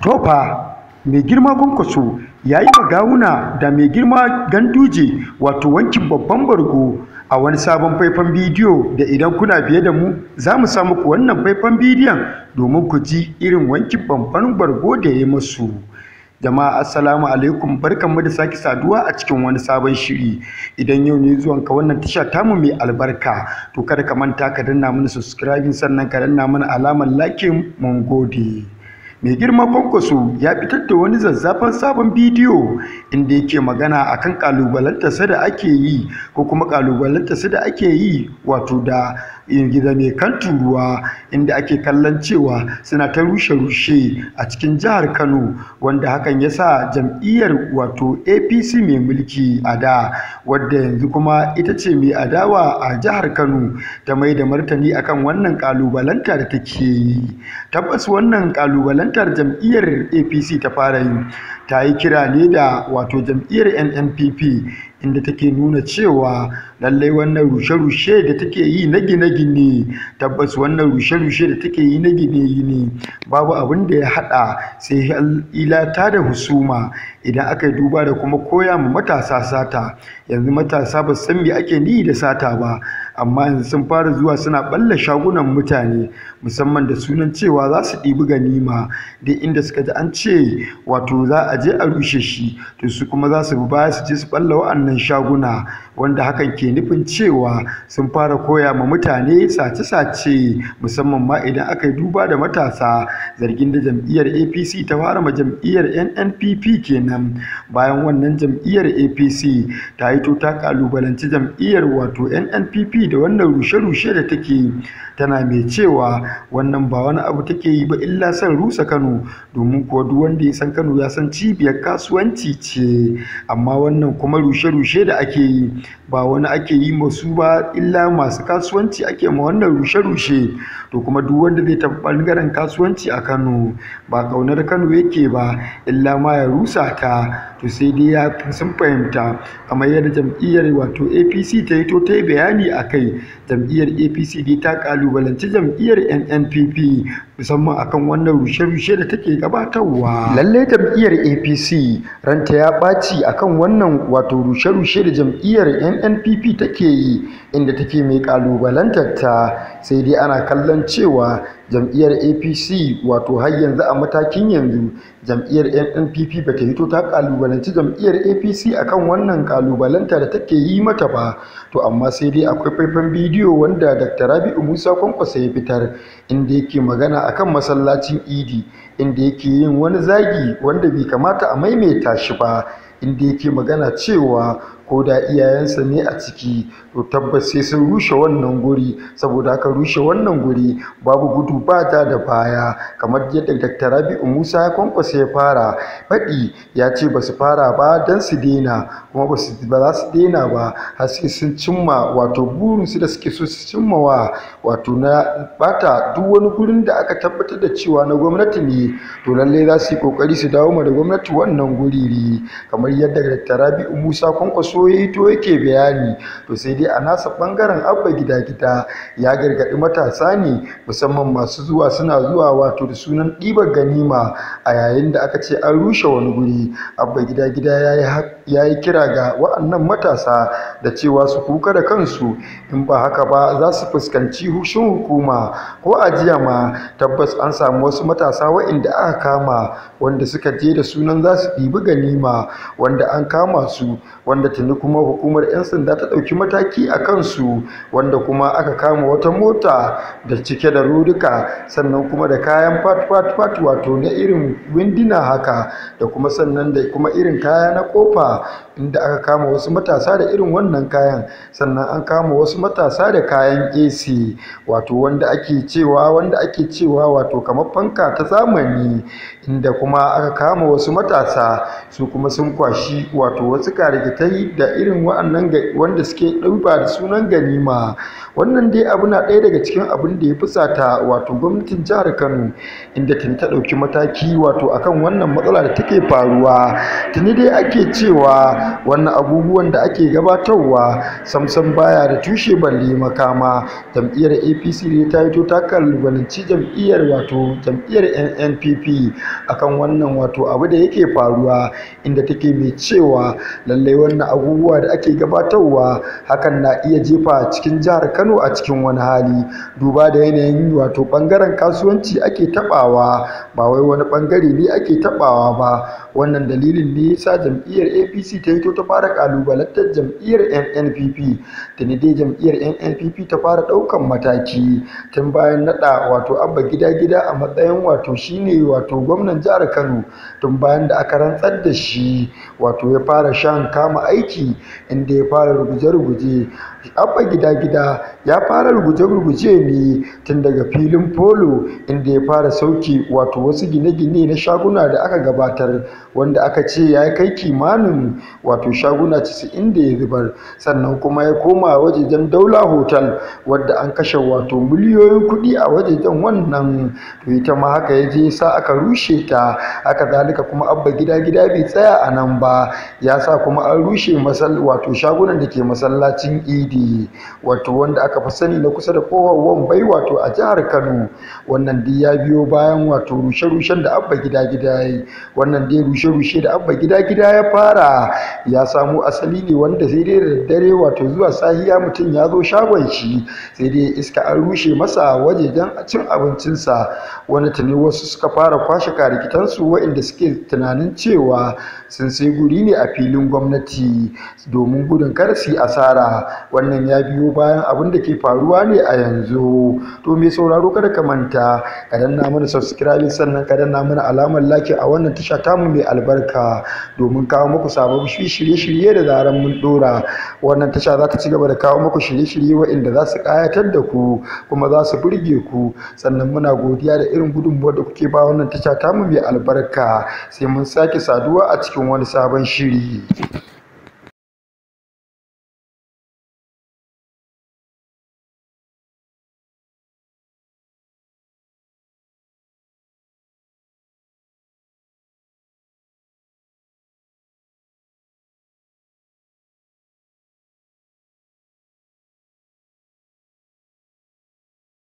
tofa mai girma kwankwaso ya yi gawuna da mai girma ganduje wato wankin babban bargo a wani sabon faifan bidiyo da idan kuna biye da mu za mu samu ku wannan faifan bidiyon domin ku ji irin wankin babban bargo da ya masu jama'a assalamu alaikum mu da sake saduwa a cikin wani sabon shiri idan yau ne zuwan ka wannan tasha tamu mai albarka to kada ka manta ka danna mana subscribing sannan ka danna mana alamar like mun gode mai girma kwankwaso ya fitar da wani zazzafan sabon bidiyo inda yake magana akan kalubalantarsa da ake yi ko kuma kalubalantarsa da ake yi wato da gida mai kan turuwa inda ake kallon cewa suna ta rushe-rushe a cikin jihar kano wanda hakan ya sa jam'iyyar wato apc mai mulki a da wadda yanzu kuma ita ce mai adawa a jihar kano ta mai da martani akan wannan kalubalanta da take yi tabbas wannan kalubalantar jam'iyyar apc ta fara yi ta yi kira ne da wato jam'iyyar nnpp inda take nuna cewa lallai wannan rushe-rushe da take yi na gine-gine tabbas wannan rushe-rushe da take yi na gine-gine babu abin da ya haɗa sai ilata da husuma idan aka yi duba da kuma koya ma matasa sata yanzu matasa ba san me ake ni da sata ba amma yanzu sun fara zuwa suna balla shagunan mutane musamman da sunan cewa za su ɗibi ganima da inda suka ji an ce wato za a je a rushe shi to su kuma za su bi baya su je su balla wa'annan shaguna wanda hakan ke nufin cewa sun fara koya ma mutane sace-sace musamman ma idan aka yi duba da matasa zargin da jam'iyyar apc ta fara ma jam'iyyar nnpp kenan bayan wannan jam'iyyar apc ta yi to ta kalubalanci jam'iyyar wato nnpp da wannan rushe-rushe da take tana mai cewa wannan ba wani abu take yi ba illa san rusa kano domin kuwa duk wanda ya san kano ya san cibiyar kasuwanci ce amma wannan kuma rushe-rushe da ake yi ba wani ake yi masu ba illa masu kasuwanci ake ma wannan rushe-rushe to kuma duk wanda zai tafi ɓangaren kasuwanci a kano ba ƙaunar kano yake ba illa ma ya rusa ta to sai dai ya sun fahimta kamar yadda jam'iyyar wato apc ta yi to ta yi bayani a kai jam'iyyar apc dai ta kalubalanci jam'iyyar nnpp musamman akan wannan rushe-rushe da take gabatarwa lallai jam'iyyar apc ranta ya ɓaci akan wannan wato rushe-rushe da jam'iyyar nnpp take yi inda take mai kalubalantar sai dai ana kallon cewa jam'iyyar apc wato har yanzu a matakin yanzu jam'iyyar nnpp ba ta yi to ta kalubalantar kalubalanci jam'iyyar apc akan wannan kalubalanta da take yi mata ba to amma sai dai akwai faifan bidiyo wanda dr rabi'u musa kwankwasa ya fitar inda yake magana akan masallacin idi inda yake yin wani zagi wanda bai kamata a maimaita shi ba inda yake magana cewa ko da iyayensa ne a ciki to tabbas sai sun rushe wannan guri saboda haka rushe wannan guri babu gudu ba ta da baya kamar yadda Dr. Rabi'u Musa ya kwankwasa ya fara faɗi ya ce ba su fara ba don su daina kuma ba za su daina ba har sai sun cimma wato su da suke so su cimma wa wato na bata duk wani gurin da aka tabbatar da cewa na gwamnati ne to lallai za su yi kokari su dawo ma da gwamnati wannan guri ne kamar yadda Dr. Rabi'u Musa kwankwaso so ya yake bayani to sai dai a nasa bangaren abba gida gida ya gargaɗi matasa ne musamman masu zuwa suna zuwa wato da sunan ɗibar ganima a yayin da aka ce an rushe wani guri abba gida gida ya yi kira ga wa'annan matasa da cewa su kuka da kansu in ba haka ba za su fuskanci hushin hukuma ko ajiya ma tabbas an samu wasu matasa wa'inda aka kama wanda suka je da sunan za su ɗibi ganima wanda an kama su wanda tun tuni kuma hukumar 'yan sanda ta ɗauki mataki a kansu wanda kuma aka kama wata mota da cike da rurruka sannan kuma da kayan fat-fat-fat wato na irin windina haka da kuma sannan da kuma irin kaya na kofa inda aka kama wasu matasa da irin wannan kayan sannan an kama wasu matasa da kayan AC wato wanda ake cewa wanda ake cewa wato kamar fanka ta zamani inda kuma aka kama wasu matasa su kuma sun kwashi wato wasu karikitai da irin wa'annan wanda suke ɗauka da sunan ganima wannan dai abu na ɗaya daga cikin abin da ya fusata wato gwamnatin jihar Kano inda tuni ta ɗauki mataki wato akan wannan matsala da take faruwa tuni dai ake cewa wannan abubuwan da ake gabatarwa samsam baya da tushe balle makama jam'iyyar apc ne ta yi ta kalubalanci jam'iyyar wato jam'iyyar nnpp akan wannan wato abu da yake faruwa inda take mai cewa lallai wannan abubuwa da ake gabatarwa hakan na iya jefa cikin jihar kano a cikin wani hali duba da yanayin wato bangaren kasuwanci ake tabawa ba wai wani bangare ne ake tabawa ba wannan dalilin ne yasa jam'iyyar apc ta yi ta fara kalubalantar jam'iyyar nnpp ne dai jam'iyyar nnpp ta fara daukan mataki tun bayan nada wato abba gida gida a matsayin wato shine wato gwamnan jihar kano tun bayan da aka rantsar da shi wato ya fara shan kama aiki inda ya fara ruguje-ruguje abba gida gida ya fara ruguje-ruguje ne tun daga filin polo inda ya fara sauke wato wasu gine-gine na shaguna da aka gabatar wanda aka ce ya kai kimanin wato shaguna 90 da ya zubar sannan kuma ya koma wajejen daula hotel wadda an kashe wato miliyoyin kuɗi a wajejen wannan to ita ma haka ya je sa aka rushe ta haka zalika kuma abba gida gida bai tsaya a nan ba ya sa kuma an rushe wato shagunan da ke masallacin idi wato wanda aka fi sani na kusa da kowar bai wato a jihar kano wannan duk ya biyo bayan wato rushe rushe-rushen da abba gida gida ya yi wannan dai rushe-rushe da abba gida gida ya fara ya samu asali ne wanda sai dai da daddare wato zuwa sahiya mutum ya zo shagon shi sai dai iska an rushe masa wajejen cin abincinsa wani tuni wasu suka fara kwashe karikitansu waɗanda suke tunanin cewa sun sai guri ne a filin gwamnati domin gudun kar su yi asara wannan ya biyo bayan abin da ke faruwa ne a yanzu to mai sauraro kada ka manta ka danna mana subscribe sannan ka danna mana alamar laki a wannan tasha tamu mai albarka domin kawo muku sabon shirye-shirye da zaran mun dora wannan tasha za ta ci gaba da kawo muku shirye-shirye waɗanda za su ƙayatar da ku kuma za su burge ku sannan muna godiya da irin gudunmuwar da kuke ba wannan tasha tamu mai albarka sai mun sake saduwa a cikin wani sabon shiri